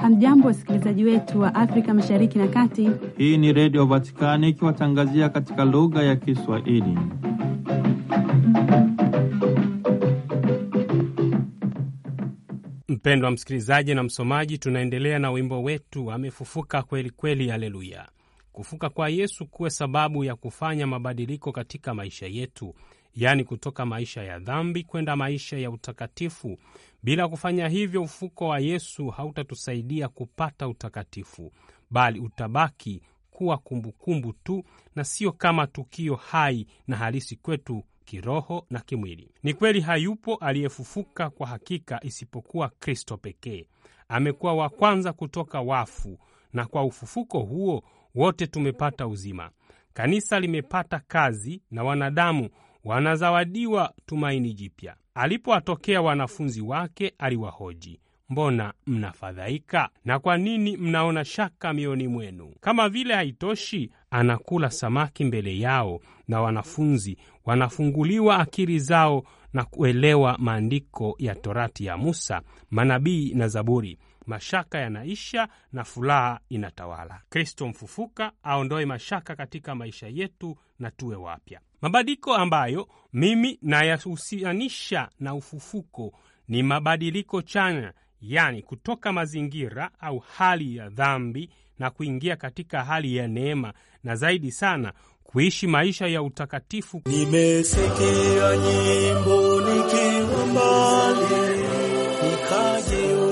Hamjambo, wasikilizaji wetu wa Afrika mashariki na kati. Hii ni Redio Vatikani ikiwatangazia katika lugha ya Kiswahili. Mpendwa msikilizaji na msomaji, tunaendelea na wimbo wetu amefufuka kweli kweli, aleluya. Kufuka kwa Yesu kuwe sababu ya kufanya mabadiliko katika maisha yetu yaani kutoka maisha ya dhambi kwenda maisha ya utakatifu. Bila kufanya hivyo, ufuko wa Yesu hautatusaidia kupata utakatifu, bali utabaki kuwa kumbukumbu kumbu tu na sio kama tukio hai na halisi kwetu kiroho na kimwili. Ni kweli hayupo aliyefufuka kwa hakika isipokuwa Kristo pekee. Amekuwa wa kwanza kutoka wafu, na kwa ufufuko huo wote tumepata uzima. Kanisa limepata kazi na wanadamu wanazawadiwa tumaini jipya. Alipowatokea wanafunzi wake, aliwahoji Mbona mnafadhaika na kwa nini mnaona shaka mioyoni mwenu? Kama vile haitoshi, anakula samaki mbele yao, na wanafunzi wanafunguliwa akili zao na kuelewa maandiko ya Torati ya Musa, manabii na Zaburi mashaka yanaisha na furaha inatawala. Kristo mfufuka aondoe mashaka katika maisha yetu na tuwe wapya. Mabadiliko ambayo mimi nayahusianisha na ufufuko ni mabadiliko chanya, yani kutoka mazingira au hali ya dhambi na kuingia katika hali ya neema na zaidi sana kuishi maisha ya utakatifu. Nimesikia nyimbo nikiwa mbali nikajiwa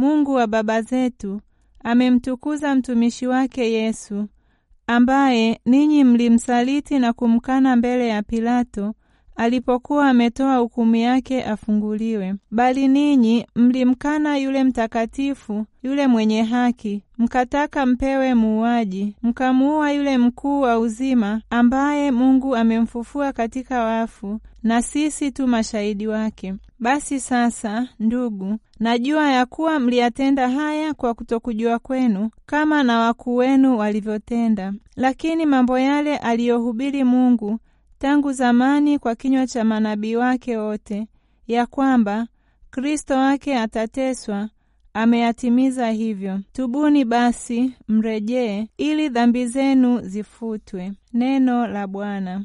Mungu wa baba zetu amemtukuza mtumishi wake Yesu ambaye ninyi mlimsaliti na kumkana mbele ya Pilato alipokuwa ametoa hukumu yake afunguliwe. Bali ninyi mlimkana yule mtakatifu, yule mwenye haki, mkataka mpewe muuaji, mkamuua yule mkuu wa uzima, ambaye Mungu amemfufua katika wafu, na sisi tu mashahidi wake. Basi sasa, ndugu, najua ya kuwa mliyatenda haya kwa kutokujua kwenu, kama na wakuu wenu walivyotenda. Lakini mambo yale aliyohubiri Mungu tangu zamani kwa kinywa cha manabii wake wote ya kwamba Kristo wake atateswa ameyatimiza hivyo. Tubuni basi mrejee, ili dhambi zenu zifutwe. Neno la Bwana.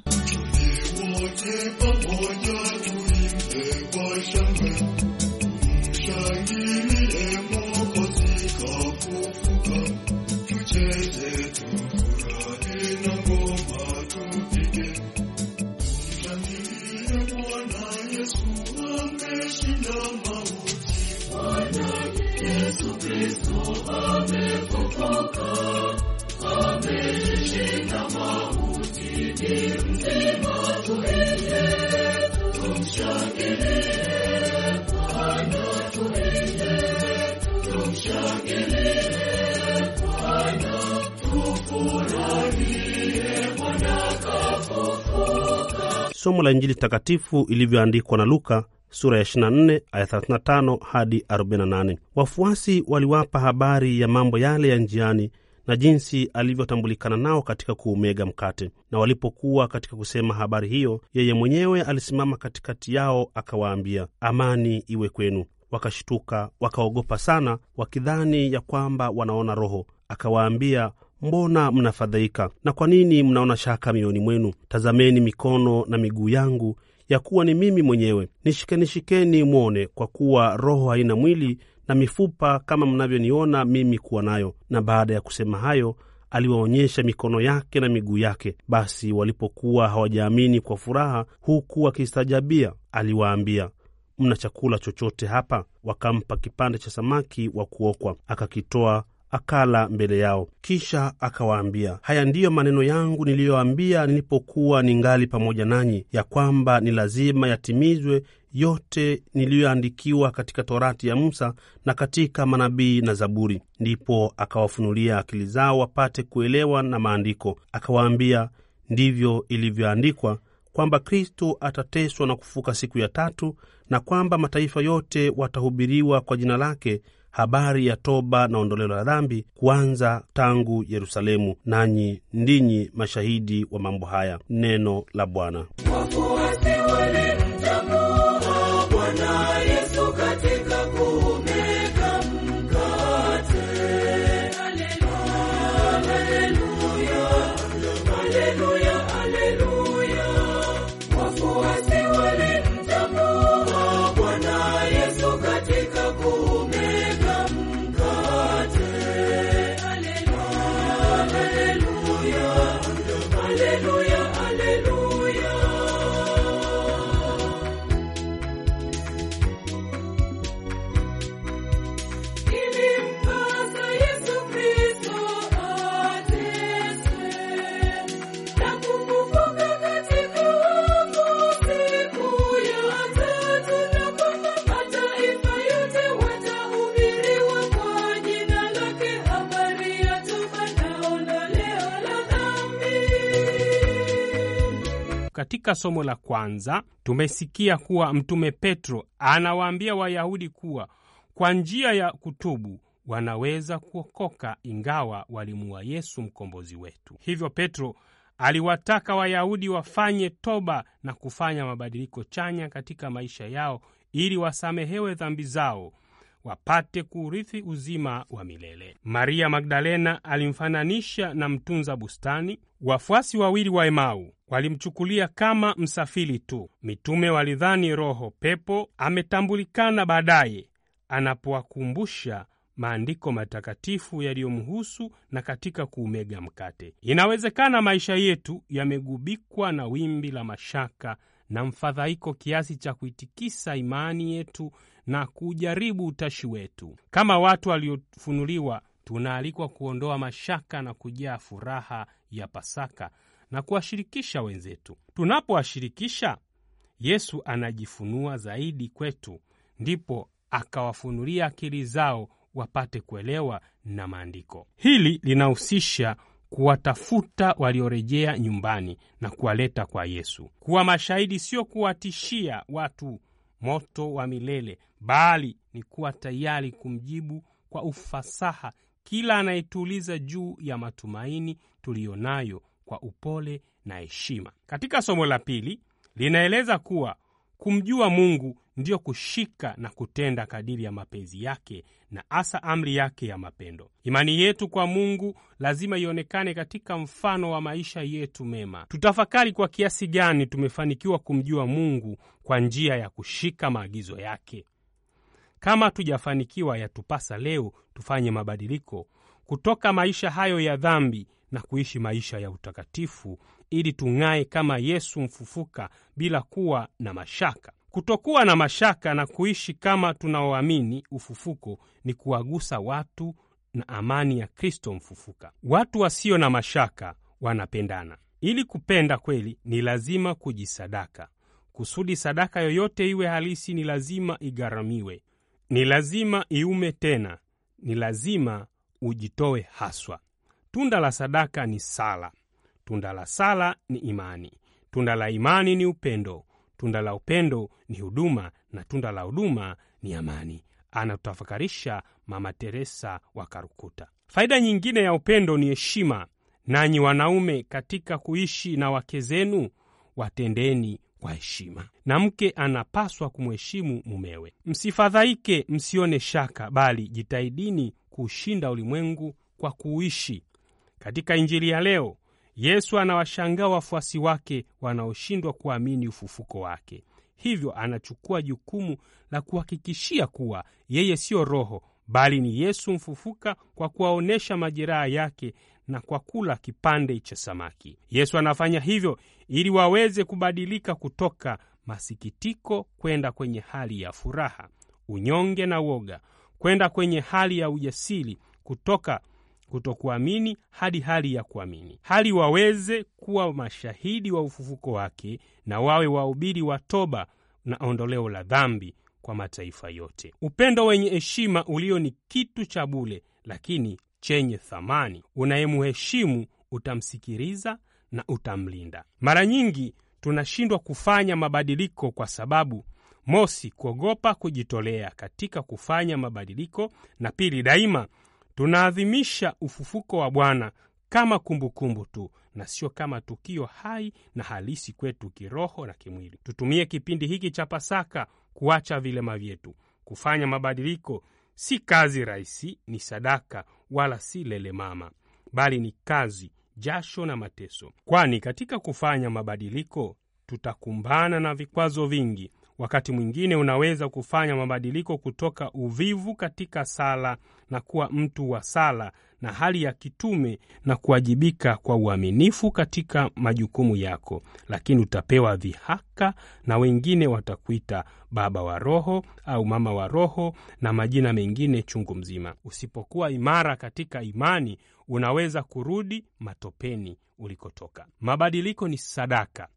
somo la Injili takatifu ilivyoandikwa na Luka sura ya 24 aya 35 hadi 48. Wafuasi waliwapa habari ya mambo yale ya njiani na jinsi alivyotambulikana nao katika kuumega mkate. Na walipokuwa katika kusema habari hiyo, yeye mwenyewe alisimama katikati yao akawaambia, amani iwe kwenu. Wakashtuka wakaogopa sana, wakidhani ya kwamba wanaona roho. Akawaambia, mbona mnafadhaika? Na kwa nini mnaona shaka mioyoni mwenu? Tazameni mikono na miguu yangu ya kuwa ni mimi mwenyewe. Nishikeni, shikeni mwone, kwa kuwa roho haina mwili na mifupa kama mnavyoniona mimi kuwa nayo. Na baada ya kusema hayo aliwaonyesha mikono yake na miguu yake. Basi walipokuwa hawajaamini kwa furaha, huku wakistajabia aliwaambia, mna chakula chochote hapa? Wakampa kipande cha samaki wa kuokwa, akakitoa akala mbele yao. Kisha akawaambia, haya ndiyo maneno yangu niliyoambia nilipokuwa ningali pamoja nanyi, ya kwamba ni lazima yatimizwe yote niliyoandikiwa katika Torati ya Musa na katika manabii na Zaburi. Ndipo akawafunulia akili zao wapate kuelewa na maandiko, akawaambia, ndivyo ilivyoandikwa kwamba Kristo atateswa na kufuka siku ya tatu, na kwamba mataifa yote watahubiriwa kwa jina lake habari ya toba na ondoleo la dhambi kuanza tangu Yerusalemu, nanyi ndinyi mashahidi wa mambo haya. Neno la Bwana. Katika somo la kwanza tumesikia kuwa Mtume Petro anawaambia Wayahudi kuwa kwa njia ya kutubu wanaweza kuokoka, ingawa walimuwa Yesu mkombozi wetu. Hivyo Petro aliwataka Wayahudi wafanye toba na kufanya mabadiliko chanya katika maisha yao ili wasamehewe dhambi zao wapate kuurithi uzima wa milele. Maria Magdalena alimfananisha na mtunza bustani. Wafuasi wawili wa Emau walimchukulia kama msafiri tu. Mitume walidhani roho pepo ametambulikana baadaye anapowakumbusha maandiko matakatifu yaliyomhusu na katika kuumega mkate. Inawezekana maisha yetu yamegubikwa na wimbi la mashaka na mfadhaiko kiasi cha kuitikisa imani yetu na kujaribu utashi wetu. Kama watu waliofunuliwa, tunaalikwa kuondoa mashaka na kujaa furaha ya Pasaka na kuwashirikisha wenzetu. Tunapowashirikisha, Yesu anajifunua zaidi kwetu, ndipo akawafunulia akili zao wapate kuelewa na maandiko. Hili linahusisha kuwatafuta waliorejea nyumbani na kuwaleta kwa Yesu, kuwa mashahidi, sio kuwatishia watu moto wa milele, bali ni kuwa tayari kumjibu kwa ufasaha kila anayetuuliza juu ya matumaini tuliyonayo kwa upole na heshima. Katika somo la pili linaeleza kuwa kumjua Mungu ndiyo kushika na kutenda kadiri ya mapenzi yake na hasa amri yake ya mapendo. Imani yetu kwa Mungu lazima ionekane katika mfano wa maisha yetu mema. Tutafakari kwa kiasi gani tumefanikiwa kumjua Mungu kwa njia ya kushika maagizo yake. Kama tujafanikiwa, yatupasa leo tufanye mabadiliko kutoka maisha hayo ya dhambi na kuishi maisha ya utakatifu, ili tung'ae kama Yesu mfufuka bila kuwa na mashaka. Kutokuwa na mashaka na kuishi kama tunaoamini ufufuko ni kuwagusa watu na amani ya Kristo mfufuka. Watu wasio na mashaka wanapendana. Ili kupenda kweli, ni lazima kujisadaka. Kusudi sadaka yoyote iwe halisi, ni lazima igharamiwe. Ni lazima iume tena, ni lazima ujitowe haswa. Tunda la sadaka ni sala, tunda la sala ni imani, tunda la imani ni upendo, tunda la upendo ni huduma, na tunda la huduma ni amani. Anatutafakarisha Mama Teresa wa karukuta Faida nyingine ya upendo ni heshima. Nanyi wanaume, katika kuishi na wake zenu, watendeni kwa heshima, na mke anapaswa kumheshimu mumewe. Msifadhaike, msione shaka, bali jitahidini kuushinda ulimwengu kwa kuuishi Katika Injili ya leo, Yesu anawashangaa wafuasi wake wanaoshindwa kuamini ufufuko wake. Hivyo anachukua jukumu la kuhakikishia kuwa yeye siyo roho bali ni Yesu mfufuka kwa kuwaonyesha majeraha yake na kwa kula kipande cha samaki. Yesu anafanya hivyo ili waweze kubadilika kutoka masikitiko kwenda kwenye hali ya furaha, unyonge na woga, kwenda kwenye hali ya ujasiri, kutoka kutokuamini hadi hali ya kuamini, hali waweze kuwa mashahidi wa ufufuko wake na wawe wahubiri wa toba na ondoleo la dhambi kwa mataifa yote. Upendo wenye heshima ulio ni kitu cha bule, lakini chenye thamani. Unayemheshimu utamsikiliza na utamlinda. Mara nyingi tunashindwa kufanya mabadiliko kwa sababu mosi, kuogopa kujitolea katika kufanya mabadiliko, na pili, daima tunaadhimisha ufufuko wa Bwana kama kumbukumbu kumbu tu na sio kama tukio hai na halisi kwetu kiroho na kimwili. Tutumie kipindi hiki cha Pasaka kuacha vilema vyetu, kufanya mabadiliko Si kazi rahisi, ni sadaka, wala si lelemama, bali ni kazi, jasho na mateso, kwani katika kufanya mabadiliko tutakumbana na vikwazo vingi Wakati mwingine unaweza kufanya mabadiliko kutoka uvivu katika sala na kuwa mtu wa sala na hali ya kitume na kuwajibika kwa uaminifu katika majukumu yako, lakini utapewa vihaka na wengine watakuita baba wa roho au mama wa roho na majina mengine chungu mzima. Usipokuwa imara katika imani, unaweza kurudi matopeni ulikotoka. Mabadiliko ni sadaka,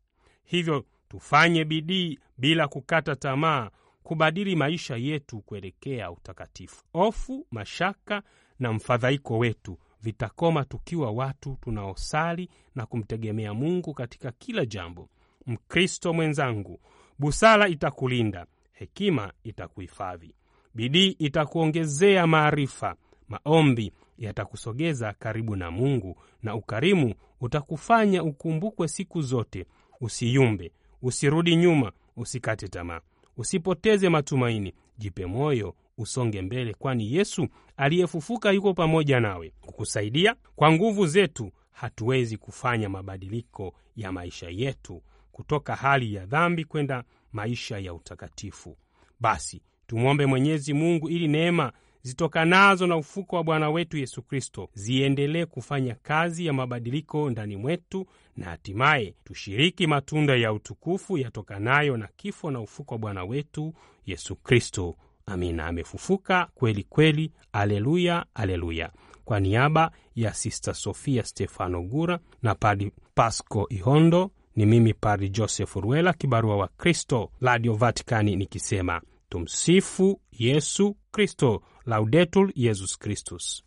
hivyo Tufanye bidii bila kukata tamaa kubadili maisha yetu kuelekea utakatifu. Hofu, mashaka na mfadhaiko wetu vitakoma tukiwa watu tunaosali na kumtegemea Mungu katika kila jambo. Mkristo mwenzangu, busara itakulinda, hekima itakuhifadhi, bidii itakuongezea maarifa, maombi yatakusogeza karibu na Mungu na ukarimu utakufanya ukumbukwe siku zote. Usiyumbe, Usirudi nyuma, usikate tamaa, usipoteze matumaini, jipe moyo, usonge mbele, kwani Yesu aliyefufuka yuko pamoja nawe kukusaidia. Kwa nguvu zetu hatuwezi kufanya mabadiliko ya maisha yetu kutoka hali ya dhambi kwenda maisha ya utakatifu. Basi tumwombe Mwenyezi Mungu ili neema zitokanazo na ufuko wa Bwana wetu Yesu Kristo ziendelee kufanya kazi ya mabadiliko ndani mwetu na hatimaye tushiriki matunda ya utukufu yatokanayo na kifo na ufuko wa Bwana wetu Yesu Kristo. Amina. Amefufuka kweli kweli! Aleluya, aleluya! Kwa niaba ya Sista Sofia Stefano Gura na Padi Pasco Ihondo, ni mimi Padi Joseph Ruela, kibarua wa Kristo, Radio vaticani nikisema Tumsifu Yesu Kristo, Laudetul Yesus Kristus.